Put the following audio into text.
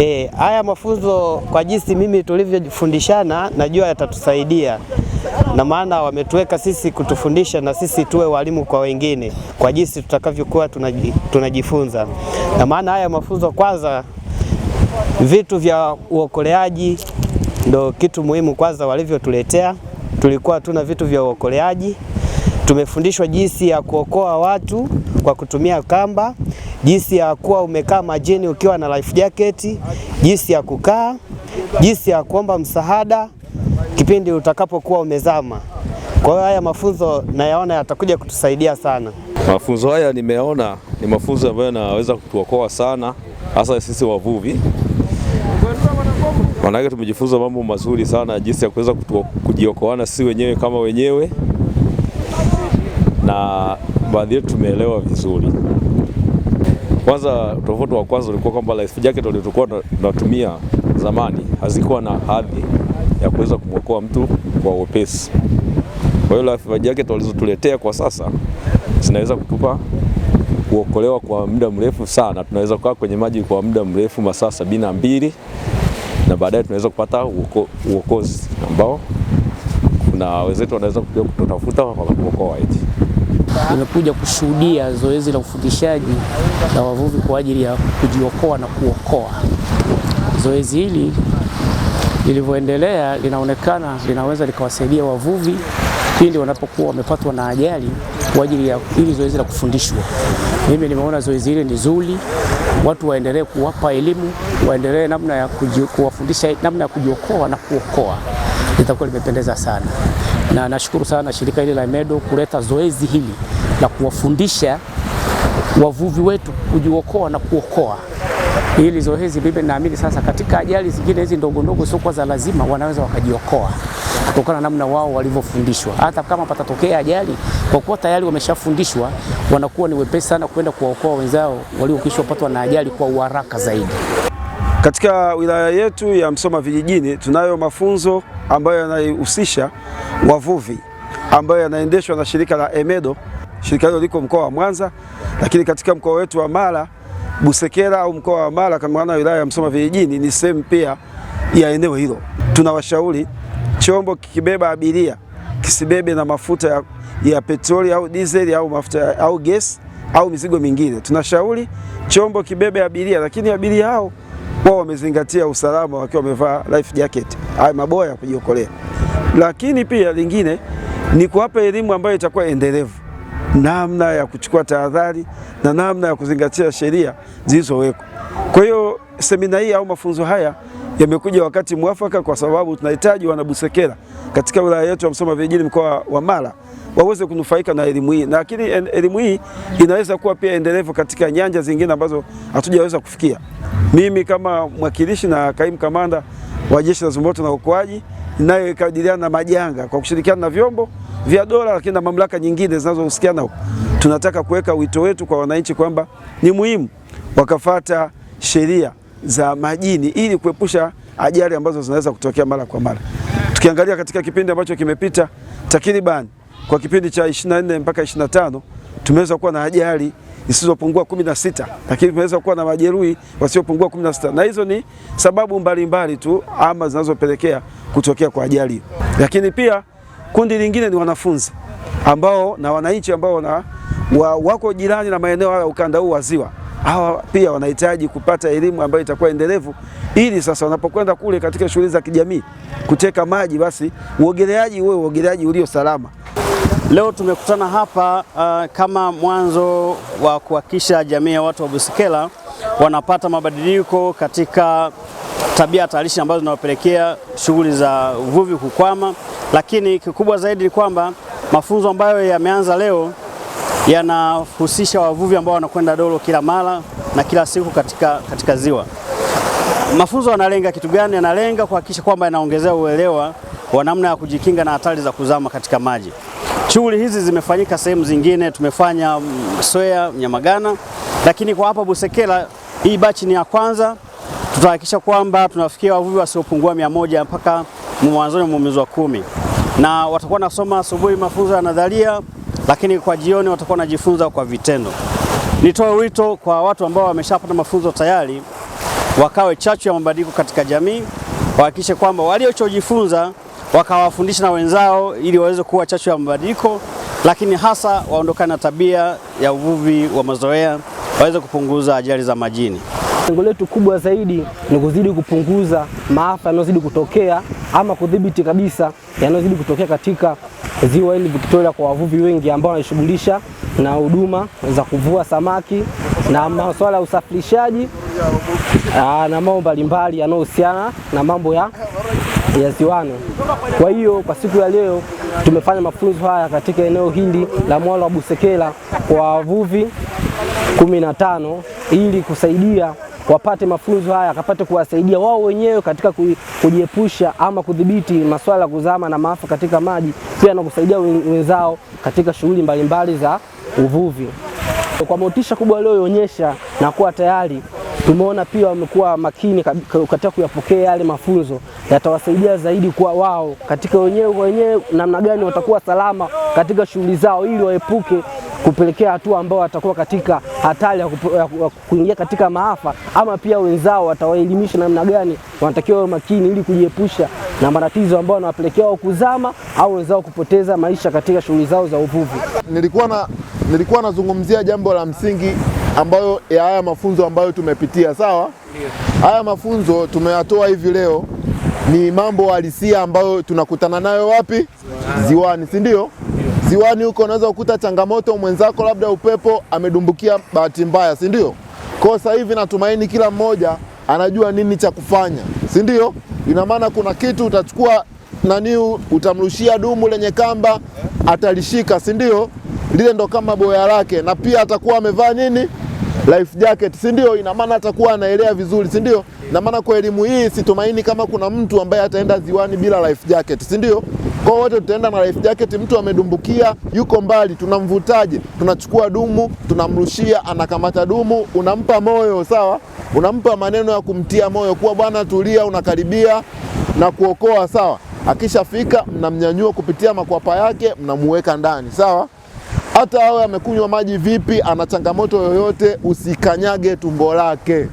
E, haya mafunzo kwa jinsi mimi tulivyofundishana najua yatatusaidia, na maana wametuweka sisi kutufundisha na sisi tuwe walimu kwa wengine kwa jinsi tutakavyokuwa tunajifunza. Na maana haya mafunzo, kwanza vitu vya uokoleaji ndo kitu muhimu kwanza walivyotuletea. Tulikuwa tuna vitu vya uokoleaji, tumefundishwa jinsi ya kuokoa watu kwa kutumia kamba jinsi ya kuwa umekaa majini ukiwa na life jacket, jinsi ya kukaa, jinsi ya kuomba msaada kipindi utakapokuwa umezama. Kwa hiyo haya mafunzo nayaona yatakuja kutusaidia sana. Mafunzo haya nimeona ni mafunzo ambayo yanaweza kutuokoa sana, hasa sisi wavuvi, maanake tumejifunza mambo mazuri sana, jinsi ya kuweza kujiokoana si wenyewe kama wenyewe, na baadhi yetu tumeelewa vizuri. Kwanza, tofauti wa kwanza ulikuwa kwamba life jacket waliokuwa tunatumia zamani hazikuwa na hadhi ya kuweza kumwokoa mtu kwa wepesi. Kwa hiyo life jacket walizotuletea kwa sasa zinaweza kutupa kuokolewa kwa muda mrefu sana. Tunaweza kukaa kwenye maji kwa muda mrefu, masaa sabini na mbili, na baadaye tunaweza kupata uoko, uokozi ambao kuna wenzetu wanaweza kuja kututafuta kwa kuokoa eti nimekuja kushuhudia zoezi la ufundishaji la wavuvi kwa ajili ya kujiokoa na kuokoa. Zoezi hili lilivyoendelea, linaonekana linaweza likawasaidia wavuvi pindi wanapokuwa wamepatwa na ajali kwa ajili ya ili zoezi la kufundishwa. Mimi nimeona zoezi hili ni zuri, watu waendelee kuwapa elimu, waendelee namna ya kuwafundisha namna ya kujiokoa na kuokoa, litakuwa limependeza sana na nashukuru sana shirika hili la medo kuleta zoezi hili la kuwafundisha wavuvi wetu kujiokoa na kuokoa hili zoezi mimi naamini sasa, katika ajali zingine hizi ndogo ndogo, sio kwa za lazima, wanaweza wakajiokoa kutokana na namna wao walivyofundishwa. Hata kama patatokea ajali, kwa kuwa tayari wameshafundishwa, wanakuwa ni wepesi sana kwenda kuwaokoa wenzao waliokishwa patwa na ajali kwa uharaka zaidi. Katika wilaya yetu ya Msoma vijijini tunayo mafunzo ambayo yanahusisha wavuvi ambayo yanaendeshwa na shirika la EMEDO. Shirika hilo liko mkoa wa Mwanza, lakini katika mkoa wetu wa Mara Busekera au mkoa wa Mara kama maana wilaya ya Msoma vijijini ni sehemu pia ya eneo hilo. Tunawashauri chombo kikibeba abiria kisibebe na mafuta ya, ya petroli au dizeli au mafuta au gesi au mizigo mingine. Tunashauri chombo kibebe abiria, lakini abiria hao wao wamezingatia usalama wakiwa wamevaa life jacket, haya maboya ya kujiokolea. Lakini pia lingine ni kuwapa elimu ambayo itakuwa endelevu, namna ya kuchukua tahadhari na namna ya kuzingatia sheria zilizowekwa. Kwa hiyo semina hii au mafunzo haya yamekuja wakati mwafaka, kwa sababu tunahitaji wanabusekera katika wilaya yetu ya Msoma Vijijini, mkoa wa Mara waweze kunufaika na elimu hii, lakini elimu hii inaweza kuwa pia endelevu katika nyanja zingine ambazo hatujaweza kufikia. Mimi kama mwakilishi na kaimu kamanda wa Jeshi la Zimamoto na Uokoaji nayo ikabiliana na majanga kwa kushirikiana na vyombo vya dola, lakini na mamlaka nyingine zinazohusikiana tunataka kuweka wito wetu kwa wananchi kwamba ni muhimu wakafata sheria za majini ili kuepusha ajali ambazo zinaweza kutokea mara kwa mara. Tukiangalia katika kipindi ambacho kimepita, takriban kwa kipindi cha 24 mpaka 25 tumeweza kuwa na ajali zisizopungua 16, lakini tumeweza kuwa na majeruhi wasiopungua 16, na hizo ni sababu mbalimbali mbali tu ama zinazopelekea kutokea kwa ajali. Lakini pia kundi lingine ni wanafunzi ambao na wananchi ambao na, wa, wako jirani na maeneo haya ukanda huu wa Ziwa hawa pia wanahitaji kupata elimu ambayo itakuwa endelevu, ili sasa wanapokwenda kule katika shughuli za kijamii kuteka maji, basi uogeleaji uwe uogeleaji ulio salama. Leo tumekutana hapa uh, kama mwanzo wa kuhakikisha jamii ya watu wa Busekela wanapata mabadiliko katika tabia hatarishi ambazo zinawapelekea shughuli za uvuvi kukwama, lakini kikubwa zaidi ni kwamba mafunzo ambayo yameanza leo yanahusisha wavuvi ambao wanakwenda dolo kila mara na kila siku katika, katika ziwa. Mafunzo yanalenga kitu gani? Yanalenga kuhakikisha kwamba yanaongezea uelewa wa namna ya kujikinga na hatari za kuzama katika maji. Shughuli hizi zimefanyika sehemu zingine, tumefanya Mswea, mm, nyamagana lakini kwa hapa Busekela hii bachi ni ya kwanza. Tutahakikisha kwamba tunawafikia wavuvi wasiopungua mia moja mpaka mwanzoni mwa mwezi wa kumi, na watakuwa nasoma asubuhi mafunzo ya nadharia, lakini kwa jioni watakuwa wanajifunza kwa vitendo. Nitoe wito kwa watu ambao wameshapata mafunzo tayari, wakawe chachu ya mabadiliko katika jamii, wahakikishe kwamba waliochojifunza wakawafundisha na wenzao ili waweze kuwa chachu ya mabadiliko, lakini hasa waondokane na tabia ya uvuvi wa mazoea, waweze kupunguza ajali za majini. Lengo letu kubwa zaidi ni kuzidi kupunguza maafa yanayozidi kutokea ama kudhibiti kabisa yanayozidi kutokea katika ziwa hili Victoria kwa wavuvi wengi ambao wanashughulisha na huduma za kuvua samaki na masuala ya usafirishaji na mambo mbalimbali yanayohusiana na mambo ya ya Ziwani. Kwa hiyo kwa siku ya leo tumefanya mafunzo haya katika eneo hili la mwalo wa Busekela kwa wavuvi kumi na tano ili kusaidia wapate mafunzo haya akapate kuwasaidia wao wenyewe katika kujiepusha ama kudhibiti masuala ya kuzama na maafa katika maji, pia na kusaidia wenzao katika shughuli mbalimbali za uvuvi. Kwa motisha kubwa walioonyesha na kuwa tayari Tumeona pia wamekuwa makini katika kuyapokea yale mafunzo, yatawasaidia zaidi kwa wao katika wenyewe wenyewe, namna gani watakuwa salama katika shughuli zao, ili waepuke kupelekea hatua ambao watakuwa katika hatari ya kuingia katika maafa, ama pia wenzao watawaelimisha namna gani wanatakiwa wawe makini ili kujiepusha na matatizo ambayo wanawapelekea wao kuzama au wenzao kupoteza maisha katika shughuli zao za uvuvi. Nilikuwa na nilikuwa nazungumzia jambo la msingi ambayo ya haya mafunzo ambayo tumepitia sawa. Haya mafunzo tumeyatoa hivi leo, ni mambo halisia ambayo tunakutana nayo wapi? Ziwani, si ndio? Ziwani huko unaweza kukuta changamoto, mwenzako labda upepo amedumbukia, bahati mbaya, si ndio? Kwa sasa hivi natumaini kila mmoja anajua nini cha kufanya, si ndio? Ina maana kuna kitu utachukua nani, utamrushia dumu lenye kamba, atalishika, si ndio? Lile ndo kama boya lake, na pia atakuwa amevaa nini life jacket, si ndio? Ina maana atakuwa anaelea vizuri, si ndio? Na maana kwa elimu hii situmaini kama kuna mtu ambaye ataenda ziwani bila life jacket, si ndio? Kwa wote tutaenda na life jacket. Mtu amedumbukia yuko mbali, tunamvutaje? Tunachukua dumu, tunamrushia, anakamata dumu, unampa moyo, sawa, unampa maneno ya kumtia moyo kuwa bwana, tulia, unakaribia na kuokoa, sawa. Akishafika mnamnyanyua kupitia makwapa yake, mnamuweka ndani, sawa hata awe amekunywa maji vipi, ana changamoto yoyote, usikanyage tumbo lake.